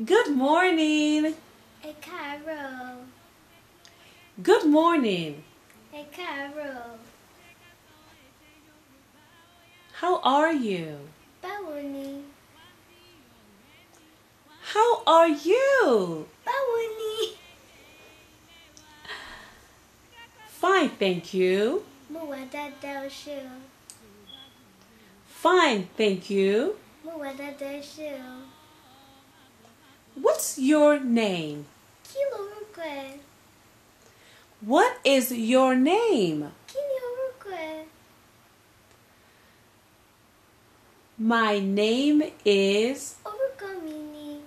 Good morning. Ẹ Carol. Good morning. Ẹ Carol. How are you? Báwo How are you? Báwo Fine, thank you. Mo wà dáadáa o Fine, thank you. Mo wà dáadáa o What's your name? Kilorukwe. What is your name? Kilorukwe. My name is Orukomini.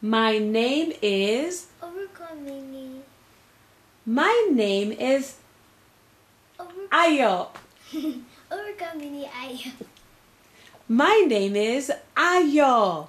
My name is Orukomini. My name is Ayo. Orukomini Ayo. My name is Ayo.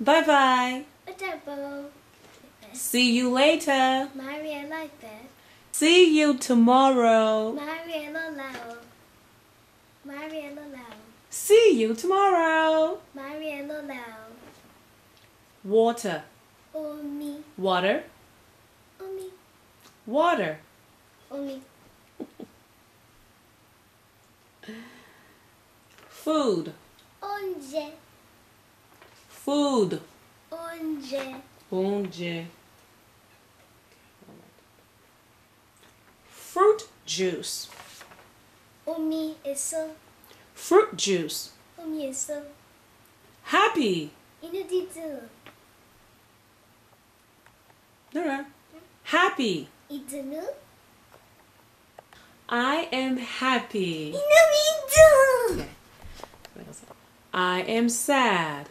Bye bye. Adebo. See you later. Maria like that. See you tomorrow. Maria Lolao. Maria Lolao. See you tomorrow. Maria Lolao. Water. Omi. Water. Omi. Water. Omi. Food. Onje. Food. Onde? Onde? Fruit juice. Umi eso. Fruit juice. Umi eso. Happy. Inudito. Nora. Hmm? Happy. Idunu. I am happy. Inudito. I am sad.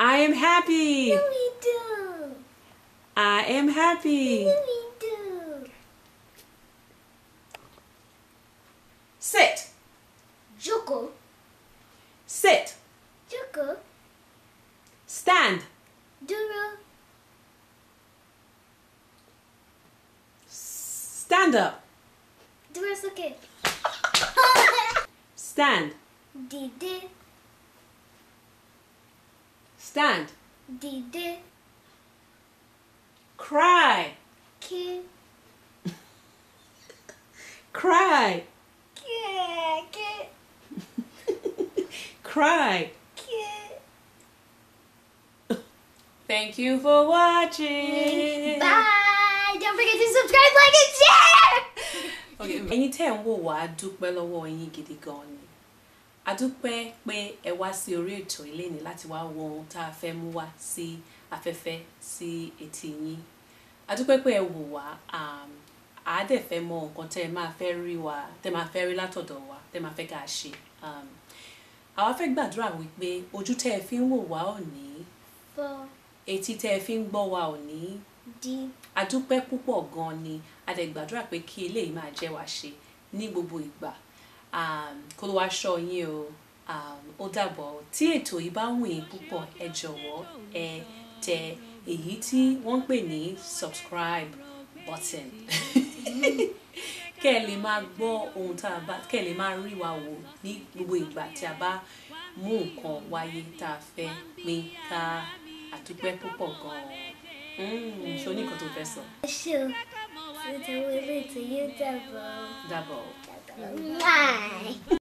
I am happy. No, we do. I am happy. No, we do. Sit. Joko. Sit. Joko. Stand. Duro. Stand up. Duro Stand. Didi. Stand. Didi. Cry. Ki. Cry. Cry. Thank you for watching. Bye. Don't forget to subscribe, like, and share. Okay. dúpẹ́ lọ́wọ́ yín gidi gan a dúpẹ́ pé ẹ wá sí orí ètò eléyìí láti wá wo ohun tá a fẹ́ mú wá sí afẹ́fẹ́ sí etí yín a dúpẹ́ pé ẹ wò wá a dẹ̀ fẹ́ mọ nǹkan tẹ́ ẹ máa fẹ́ rí wa tẹ́ máa fẹ́ rí látọ̀dọ̀ wa tẹ́ máa fẹ́ ká a ṣe àwa fẹ́ gbàdúrà wípé ojú tẹ́ ẹ fi ń wò wá ò etí tẹ́ ẹ fi ń gbọ́ wa ò ní púpọ̀ gan ni a dẹ̀ gbàdúrà pé kí eléyìí máa jẹ́ wa ṣe ní gbogbo ìgbà Um, kólúwa ṣọ́ yín o um, ó dàbọ̀ tí ètò yìí bá wù yín púpọ̀ ẹ jọ̀wọ́ ẹ tẹ èyí tí wọ́n ń pè ní subscribe button kẹ́ ẹ lè máa gbọ́ ohun tá a bá kẹ́ ẹ lè máa rí wa wò ní gbogbo ìgbà tí a bá mú nǹkan wáyé tá a fẹ́ pín ká àdúpẹ́ púpọ̀ gan-an hmm, ṣó ní nǹkan tó fẹ́ sọ. ẹ ṣe ṣe tẹ̀wé ilé ìtòyé dàbọ̀. dàbọ̀. Bye.